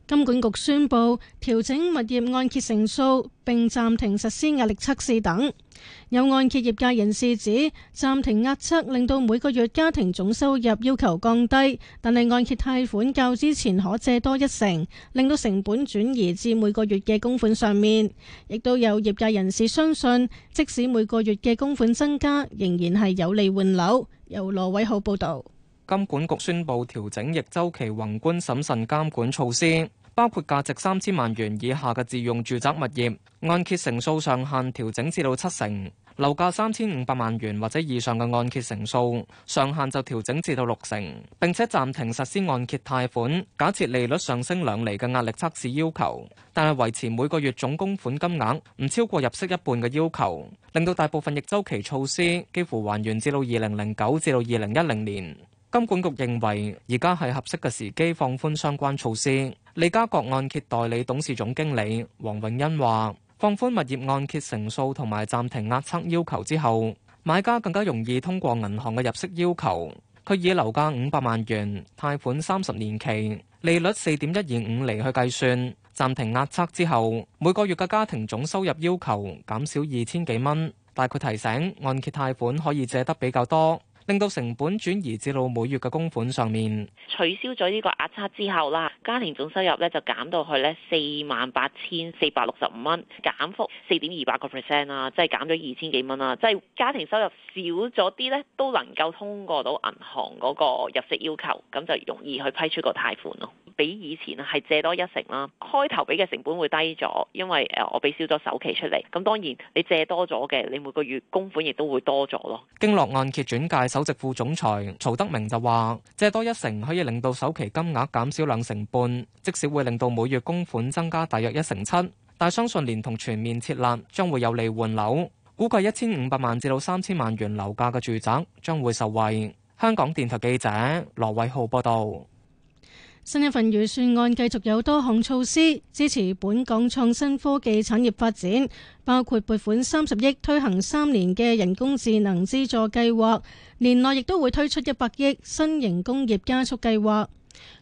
Speaker 9: 金管局宣布調整物業按揭成數，並暫停實施壓力測試等。有按揭業界人士指，暫停壓測令到每個月家庭總收入要求降低，但係按揭貸款較之前可借多一成，令到成本轉移至每個月嘅供款上面。亦都有業界人士相信，即使每個月嘅供款增加，仍然係有利換樓。由羅偉浩報道。
Speaker 14: 金管局宣布調整逆周期宏觀審慎監管措施，包括價值三千萬元以下嘅自用住宅物業按揭成數上限調整至到七成，樓價三千五百萬元或者以上嘅按揭成數上限就調整至到六成，並且暫停實施按揭貸款假設利率上升兩厘嘅壓力測試要求，但係維持每個月總供款金額唔超過入息一半嘅要求，令到大部分逆周期措施幾乎還原至到二零零九至到二零一零年。金管局認為而家係合適嘅時機放寬相關措施。利嘉閣按揭代理董事總經理黃永欣話，放寬物業按揭成數同埋暫停壓測要求之後，買家更加容易通過銀行嘅入息要求。佢以樓價五百萬元、貸款三十年期、利率四點一二五厘去計算，暫停壓測之後每個月嘅家庭總收入要求減少二千幾蚊。大概提醒，按揭貸款可以借得比較多。令到成本轉移至到每月嘅供款上
Speaker 5: 面。取消咗呢個壓差之後啦，家庭總收入咧就減到去咧四萬八千四百六十五蚊，減幅四點二八個 percent 啦，即係減咗二千幾蚊啦。即係家庭收入少咗啲咧，都能夠通過到銀行嗰個入息要求，咁就容易去批出個貸款咯。比以前係借多一成啦，開頭俾嘅成本會低咗，因為誒我俾少咗首期出嚟。咁當然你借多咗嘅，你每個月供款亦都會多咗咯。
Speaker 14: 經落按揭轉介。首席副總裁曹德明就話借多一成可以令到首期金額減少兩成半，即使會令到每月供款增加大約一成七，但相信連同全面設立將會有利換樓，估計一千五百萬至到三千萬元樓價嘅住宅將會受惠。香港電台記者羅偉浩報道。
Speaker 9: 新一份預算案繼續有多項措施支持本港創新科技產業發展，包括撥款三十億推行三年嘅人工智能資助計劃，年內亦都會推出一百億新型工業加速計劃。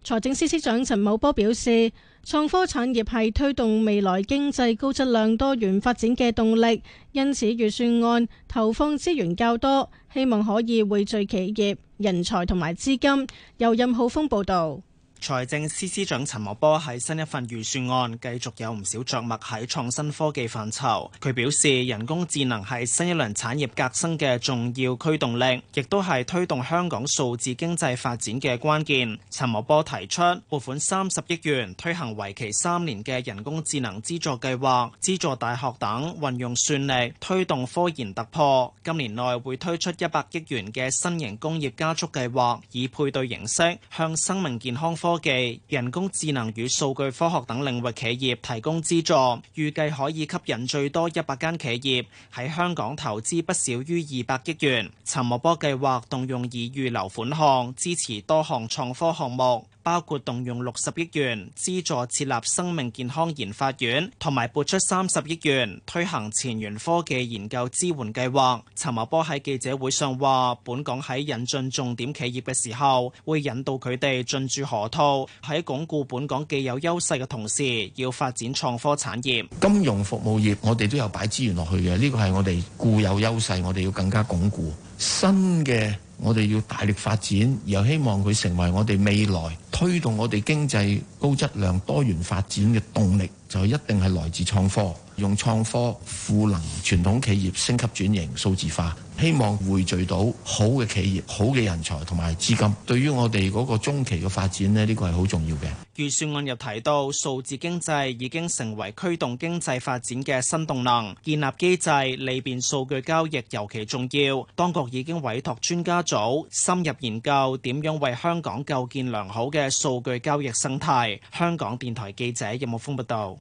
Speaker 9: 財政司司長陳茂波表示，創科產業係推動未來經濟高質量多元發展嘅動力，因此預算案投放資源較多，希望可以匯聚企業、人才同埋資金。由任浩峰報道。
Speaker 17: 財政司司長陳茂波喺新一份預算案繼續有唔少著墨喺創新科技範疇。佢表示，人工智能係新一輪產業革新嘅重要驅動力，亦都係推動香港數字經濟發展嘅關鍵。陳茂波提出撥款三十億元推行為期三年嘅人工智能資助計劃，資助大學等運用算力推動科研突破。今年內會推出一百億元嘅新型工業加速計劃，以配對形式向生命健康，科技、人工智能與數據科學等領域企業提供資助，預計可以吸引最多一百間企業喺香港投資，不少於二百億元。陳茂波計劃動用已預留款項支持多項創科項目。包括動用六十億元資助設立生命健康研發院，同埋撥出三十億元推行前沿科技研究支援計劃。陳茂波喺記者會上話：本港喺引進重點企業嘅時候，會引導佢哋進駐河套，喺鞏固本港既有優勢嘅同時，要發展創科產業。
Speaker 6: 金融服務業我哋都有擺資源落去嘅，呢個係我哋固有優勢，我哋要更加鞏固新嘅。我哋要大力發展，又希望佢成為我哋未來推動我哋經濟高質量多元發展嘅動力，就一定係來自創科。用創科賦能傳統企業升級轉型數字化，希望匯聚到好嘅企業、好嘅人才同埋資金。對於我哋嗰個中期嘅發展咧，呢、呢個係好重要嘅。
Speaker 17: 預算案又提到，數字經濟已經成為驅動經濟發展嘅新動能，建立機制利便數據交易尤其重要。當局已經委託專家組深入研究點樣為香港構建良好嘅數據交易生態。香港電台記者任木峯報道。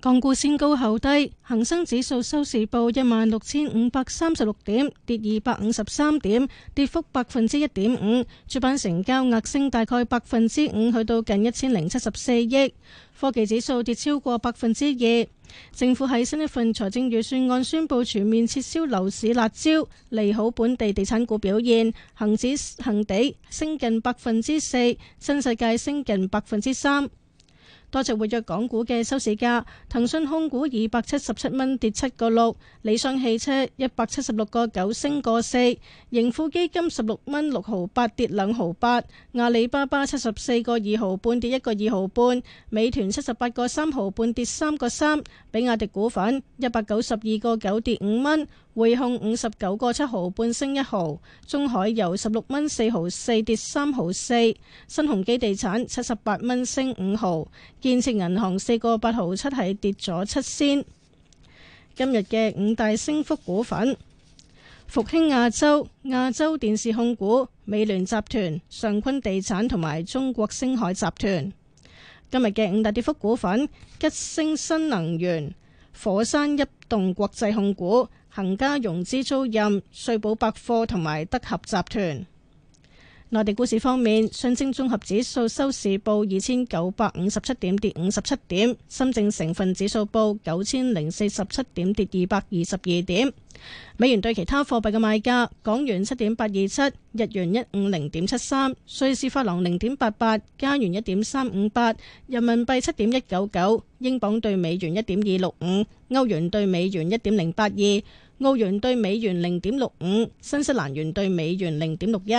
Speaker 9: 港股先高後低，恒生指數收市報一萬六千五百三十六點，跌二百五十三點，跌幅百分之一點五。主板成交額升大概百分之五，去到近一千零七十四億。科技指數跌超過百分之二。政府喺新一份財政預算案宣布全面撤銷樓市辣招，利好本地地產股表現，恒指恒地升近百分之四，新世界升近百分之三。多隻活躍港股嘅收市價，騰訊控股二百七十七蚊跌七個六，理想汽車一百七十六個九升個四，盈富基金十六蚊六毫八跌兩毫八，阿里巴巴七十四個二毫半跌一個二毫半，美團七十八個三毫半跌三個三，比亞迪股份一百九十二個九跌五蚊。匯控五十九個七毫半升一毫，中海油十六蚊四毫四跌三毫四，新鴻基地產七十八蚊升五毫，建設銀行四個八毫七係跌咗七仙。今日嘅五大升幅股份：復興亞洲、亞洲電視控股、美聯集團、上坤地產同埋中國星海集團。今日嘅五大跌幅股份：吉星新能源、火山一動國際控股。恒嘉融資租賃、歲寶百貨同埋德合集團。內地股市方面，上證綜合指數收市報二千九百五十七點，跌五十七點；深證成分指數報九千零四十七點，跌二百二十二點。美元對其他貨幣嘅賣價：港元七點八二七，日元一五零點七三，瑞士法郎零點八八，加元一點三五八，人民幣七點一九九，英鎊對美元一點二六五，歐元對美元一點零八二。澳元兌美元零點六五，新西蘭元兌美元零點六一，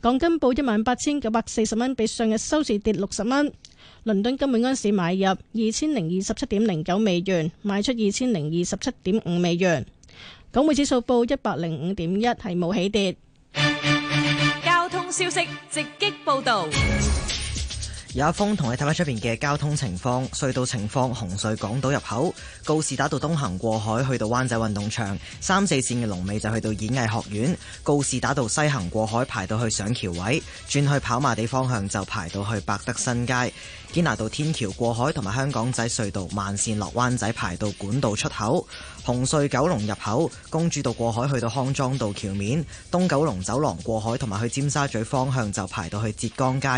Speaker 9: 港金報一萬八千九百四十蚊，比上日收市跌六十蚊。倫敦金每盎司買入二千零二十七點零九美元，賣出二千零二十七點五美元。港匯指數報一百零五點一，係冇起跌。
Speaker 12: 交通消息，直擊報道。
Speaker 18: 有一封同你睇翻出面嘅交通情況、隧道情況、紅隧港島入口、告士打道東行過海去到灣仔運動場、三四線嘅龍尾就去到演藝學院、告士打道西行過海排到去上橋位，轉去跑馬地方向就排到去百德新街。堅拿道天橋過海同埋香港仔隧道慢線落灣仔排到管道出口，紅隧九龍入口，公主道過海去到康莊道橋面，東九龍走廊過海同埋去尖沙咀方向就排到去浙江街，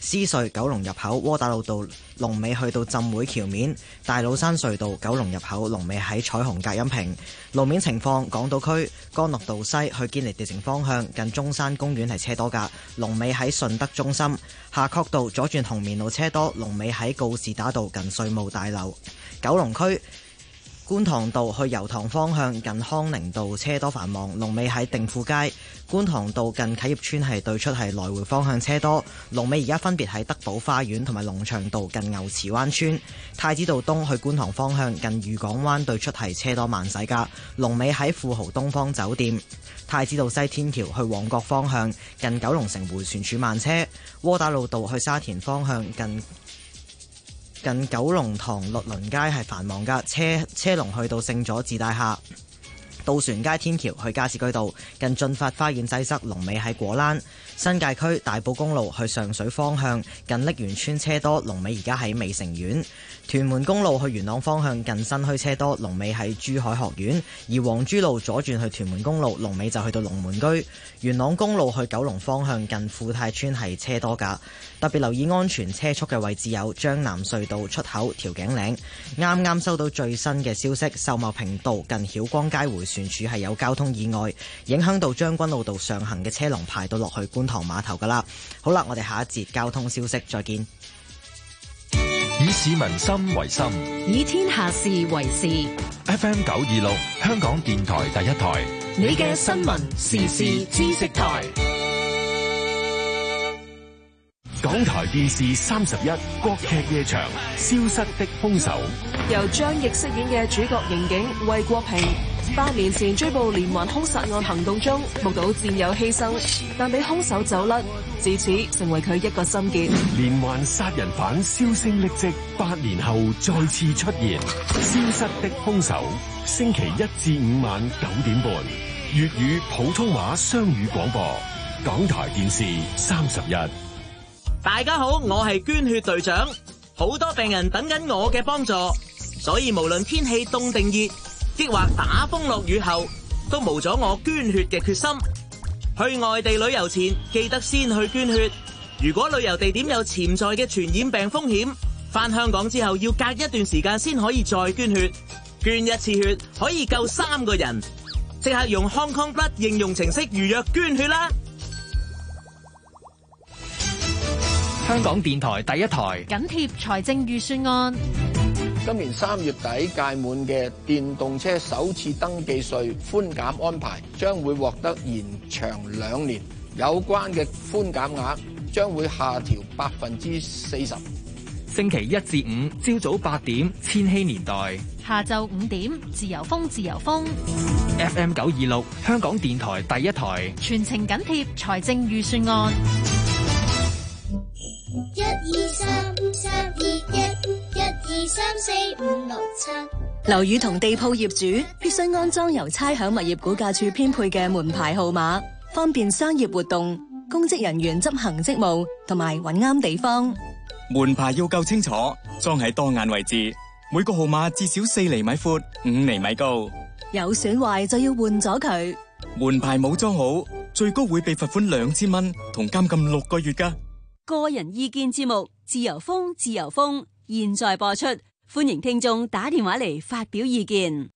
Speaker 18: 獅隧九龍入口窩打老道龍尾去到浸會橋面，大老山隧道九龍入口龍尾喺彩虹隔音屏，路面情況港島區干諾道西去堅尼地城方向近中山公園係車多噶，龍尾喺順德中心。夏愨道左轉紅棉路車多，龍尾喺告士打道近稅務大樓，九龍區。觀塘道去油塘方向近康寧道車多繁忙，龍尾喺定富街。觀塘道近啟業村係對出係來回方向車多，龍尾而家分別喺德寶花園同埋龍翔道近牛池灣村。太子道東去觀塘方向近愉港灣對出係車多慢駛噶，龍尾喺富豪東方酒店。太子道西天橋去旺角方向近九龍城回旋處慢車。窩打老道去沙田方向近近九龍塘律倫街係繁忙噶，車車龍去到聖佐治大廈。渡船街天橋去加士居道，近駿發花園西側，龍尾喺果欄。新界區大埔公路去上水方向近瀝源村車多，龍尾而家喺美城苑；屯門公路去元朗方向近新墟車多，龍尾喺珠海學院。而黃珠路左轉去屯門公路，龍尾就去到龍門居。元朗公路去九龍方向近富泰村係車多㗎，特別留意安全車速嘅位置有將藍隧道出口、調景嶺。啱啱收到最新嘅消息，秀茂坪道近曉光街回旋處係有交通意外，影響到將軍澳道上行嘅車龍排到落去觀。塘碼頭噶啦，好啦，我哋下一節交通消息再見。以市民心為心，以天下事為事。F M 九二六，香港電台第一台，
Speaker 12: 你嘅新聞時事知識台。
Speaker 3: 港台電視三十一，國劇夜場，《消失的凶手》
Speaker 15: 由張譯飾演嘅主角刑警魏國平。八年前追捕連環兇殺案行動中，目睹戰友犧牲，但被兇手走甩，自此成為
Speaker 18: 佢一個心結。
Speaker 3: 連環殺人犯銷聲匿跡，八年後再次出現。消 失的兇手，星期一至五晚九點半，粵語普通話雙語廣播，港台電視三十一。
Speaker 17: 大家好，我係捐血隊長，好多病人等緊我嘅幫助，所以無論天氣凍定熱。抑或打風落雨後都冇咗我捐血嘅決心。去外地旅遊前，記得先去捐血。如果旅遊地點有潛在嘅傳染病風險，返香港之後要隔一段時間先可以再捐血。捐一次血可以救三個人。即刻用 Hong Kong Blood 應用程式預約捐血啦！
Speaker 14: 香港電台第一台
Speaker 12: 緊貼財政預算案。今
Speaker 6: 年三月底屆滿嘅電動車首次登記稅寬減安排將會獲得延長兩年，有關嘅寬減額將會下調百分之四十。
Speaker 7: 星期一至五朝早八點《千
Speaker 14: 禧年代》，
Speaker 12: 下晝五點《自由風》，自由風
Speaker 14: ，FM 九二六，
Speaker 7: 香港電台第一台，
Speaker 12: 全程緊貼財政預算案。一
Speaker 9: 二三，三二一。二三四五
Speaker 12: 六七。樓宇同地鋪業主必須安裝由差餉物業估價處編配嘅門牌號碼，方便商業活動、公職人員執行職務同埋揾啱地方。
Speaker 14: 門牌要夠清楚，裝喺當眼位置，每個號碼至少四厘米闊，五厘米高。
Speaker 12: 有損壞就要換咗佢。
Speaker 14: 門牌冇裝好，最高會被罰款兩千蚊，同監禁六個月㗎。
Speaker 13: 個人意見節目，自由風，自由風。現在播出，歡迎聽
Speaker 15: 眾打電話嚟發表意見。